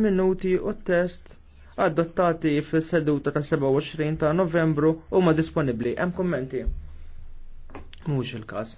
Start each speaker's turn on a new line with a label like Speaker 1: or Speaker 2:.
Speaker 1: minuti u test adottati fis-seduta ta' 27 ta' Novembru huma disponibbli. Hemm kummenti? Mhux il-każ.